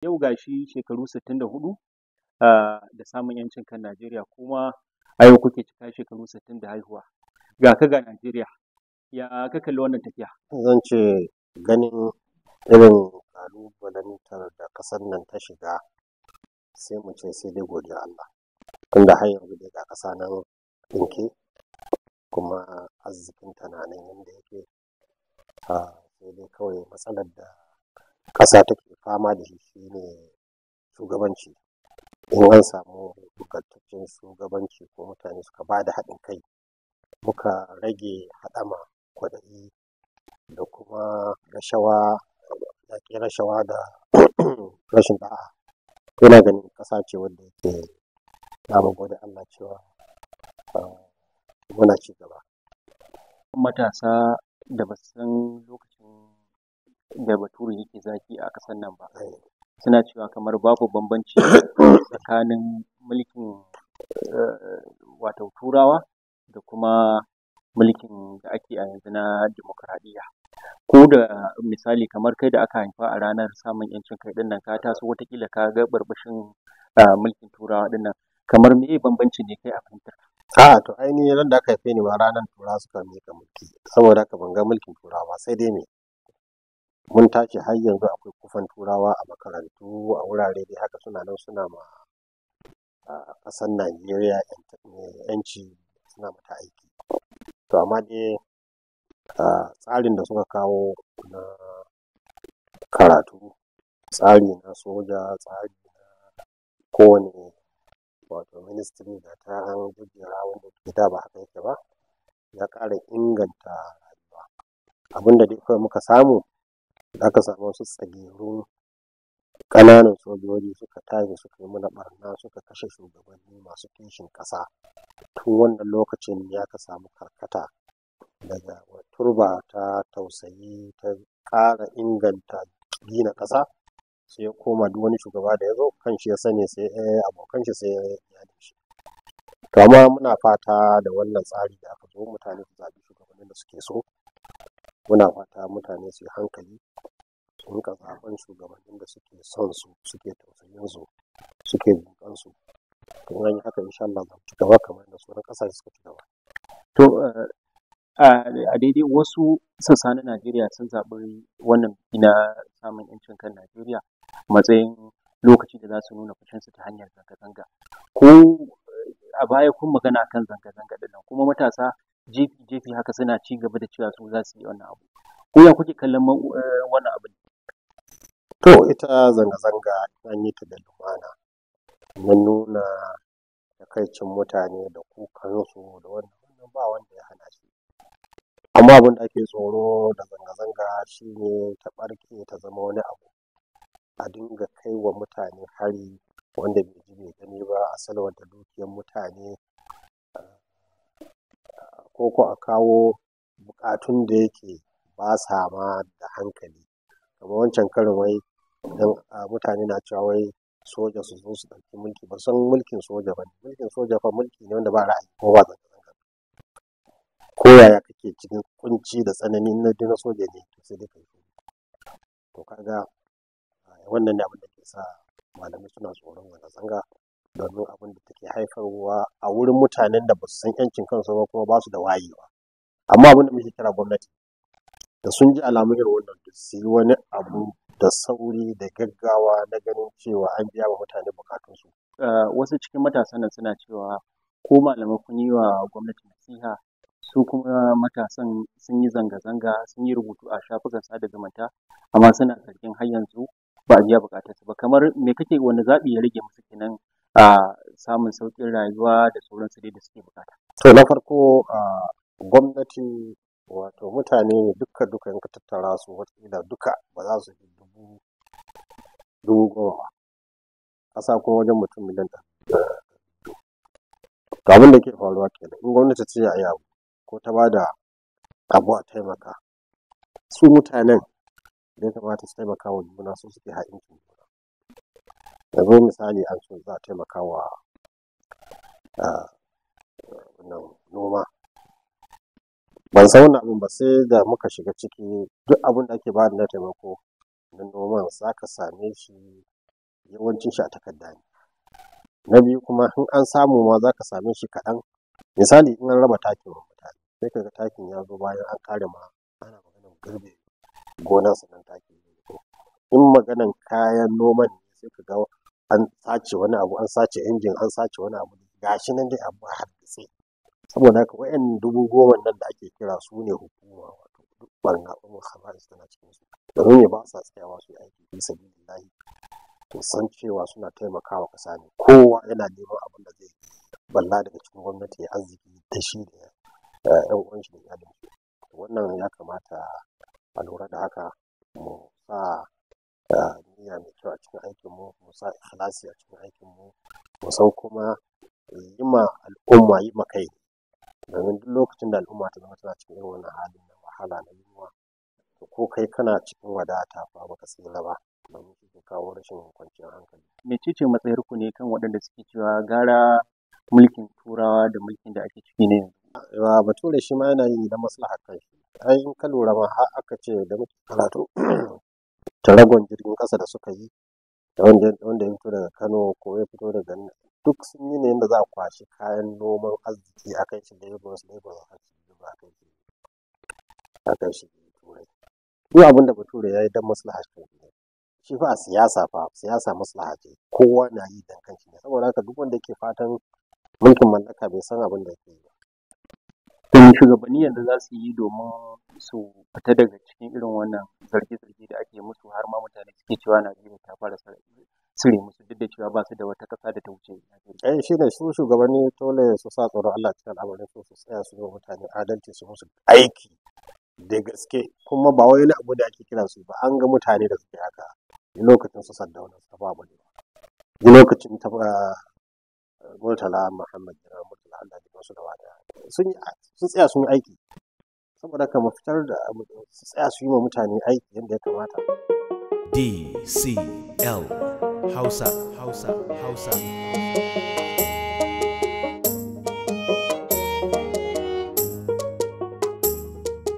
yau ga shi shekaru 64 da ah, da samun yancin kan Najeriya kuma a yau kuke cika shekaru 60 da haihuwa ga ka ga Najeriya ya ka kalli wannan tafiya zan ce ganin irin kalubalantar da ƙasar nan ta shiga sai mu ce sai dai godiya Allah tunda har yanzu dai ga ƙasa nan ɗinke kuma arzikin ta na nan yadda yake ah, sai dai kawai matsalar da ƙasa take fama da shi shine shugabanci in an samu bukatattun shugabanci ko mutane suka ba da haɗin kai muka rage haɗama kwaɗayi da kuma rashawa ke rashawa da rashin da'a yana ganin ƙasa ce wadda yake mu gode Allah cewa ah, muna ci gaba matasa da basu san lokacin da bature yake zaki a ƙasar nan ba eh. suna cewa kamar babu bambanci tsakanin mulkin eh, wato turawa da kuma mulkin da ake a yanzu na demokradiyya ko da misali kamar kai da aka haifa a ranar samun yancin kai din nan ka taso watakila ka ga barbashin mulkin turawa din nan kamar me bambanci ne kai a fahimtar a to ainihin yadda aka haife ni ma ranar turawa suka mulki saboda haka ban ga mulkin turawa sai dai me mun tashi har yanzu akwai kufan turawa a makarantu a wurare dai haka suna nan suna ma a ƙasar najeriya yanci suna mata aiki to amma dai tsarin da suka kawo na karatu tsari na soja tsari na kowane wato ministry da ta an gujera wanda ke da ba haka yake ba ya ƙara inganta rayuwa abinda dai kawai muka samu aka samu wasu tsagero ƙananan sojoji suka tashi suka yi mana barna suka kashe shugabanni masu kishin ƙasa tun wannan lokacin ya ka samu karkata daga turba ta tausayi ta ƙara inganta gina ƙasa sai ya koma duk wani shugaba da ya zo kan shi ya sani sai eh, abokan shi sai ya yi shi to amma muna fata da wannan tsari da aka zo mutane su zaɓi shugabannin da suke so muna fata mutane su yi hankali su rinka zaben shugabannin da suke son su suke tausayin su suke bukan su to an yi haka insha Allah za su gaba kamar da sauran kasashe suka ci gaba to a daidai wasu sassa na Najeriya sun zaɓi wannan ina samun yancin kan Najeriya matsayin lokacin da za su nuna su ta hanyar zanga-zanga ko a baya kun magana kan zanga-zanga dinnan, kuma matasa jefi jefi haka suna ci gaba da cewa su za su yi wannan abu ko ya kuke kallon eh, wannan abu to ita zanga-zanga ta yi ta da lumana mun nuna da takaicin mutane da su da wannan ba wanda ya hana shi amma abin da ake tsoro da zanga-zanga shine ta barke ta zama wani abu a dinga kai wa mutane hari wanda bai ji bai gani ba a salwanta dukiyar mutane ko ko a kawo bukatun da yake ba sa ma da hankali kamar wancan karin wai don mutane na cewa wai soja su zo su ɗauki mulki ba san mulkin soja ba mulkin soja fa mulki ne wanda ba ra'ayi ko ba zanga ko yaya kake cikin kunci da tsanani na dina soja ne to sai dai kai to kaga wannan ne abin da ke sa malamai suna tsoron zanga-zanga domin abin da take haifarwa a wurin mutanen da ba su san yancin kansu ba kuma ba su da wayewa amma abin da muke kira gwamnati da sun ji alamun irin wannan da su yi wani abu da sauri da gaggawa na ganin cewa an biya wa mutane bukatun su. Eh, wasu cikin matasan nan suna cewa ko malamai kun yi wa gwamnati nasiha su kuma matasan sun yi zanga-zanga sun yi rubutu a shafukan sada zumunta amma suna zargin har yanzu ba a biya bukatar ba kamar me kake wani zaɓi ya rage musu kenan samun sauƙin rayuwa da sauransu dai da suke bukata. To na farko gwamnati wato mutane ne duka duka in ka tattara su watakila duka ba za su dubu dubu goma ba. Asa kuma wajen mutum miliyan ɗari. To abin da ke faruwa kenan in gwamnati ce a abu ko ta ba da abu a taimaka su mutanen ya kamata su taimaka wa juna su suke haɗin juna. yanzu misali an so za a taimaka wa noma ban san wannan abin ba sai da muka shiga ciki duk abin da ake bada na taimako na noman za ka same shi yawancin shi a takarda ne na biyu kuma in an samu ma za ka same shi kaɗan misali in an raba takin wa mutane sai ka ga takin ya zo bayan an kare ma ana maganar girbe gonar sannan taki in maganan kayan noman ne sai ka ga an sace wani abu an sace injin an sace wani abu gashi nan dai abu a sai. saboda haka wayan dubu goma nan da ake kira su ne hukuma wato duk barna umar tana cikin su domin ya ba sa tsayawa su aiki bi sabilillahi to san cewa suna taimakawa kasa ne kowa yana neman abin da zai balla daga cikin gwamnati ya arziki da shi da yan eh, uwan shi da iyalin wannan ya kamata a lura da haka mu sa da niyya mai kyau a cikin aikin mu mu sa ikhlasi a cikin aikin mu mu san kuma yi ma al'umma yi ma kai domin duk lokacin da al'umma ta zama tana cikin irin wannan halin na wahala na yunwa to ko kai kana cikin wadata ba baka tsira ba domin shi kawo rashin kwanciyar hankali mecece matsayar ku ne kan waɗanda suke cewa gara mulkin turawa da mulkin da ake ciki ne yanzu ba bature shi ma yana yi da maslahar kai ai in ka lura ma har aka ce da muke karatu ta ragon jirgin ƙasa da suka yi da wanda ya fito daga kano ko ya fito daga duk sun yi ne yadda za a kwashi kayan noman arziki a kan shi lagos lagos a kan shi ba kan shi a kai shi turai duk abin da bature ya yi don maslaha shi ne shi fa a siyasa fa siyasa maslaha ce kowa na yi dan shi ne saboda haka duk wanda ke fatan mulkin mallaka bai san abin da yake yi to shugabanni yanzu za su yi domin su fita daga cikin irin wannan zarge-zarge da ake musu har ma mutane suke cewa Najeriya ta fara cire musu duk da cewa ba su da wata kasa da ta wuce Ai Eh shi ne su shugabanni dole su sa tsoron Allah cikin al'amarin su su tsaya su yi mutane adalci su musu aiki da gaske kuma ba wani abu da ake kira su ba an ga mutane da suke haka lokacin su sadda wannan ba ne lokacin ta murtala muhammad general murtala allah da wasu da wada sun tsaya sun yi aiki saboda ka mafitar fitar da su tsaya su yi wa mutane aiki yadda ya kamata dcl hausa hausa hausa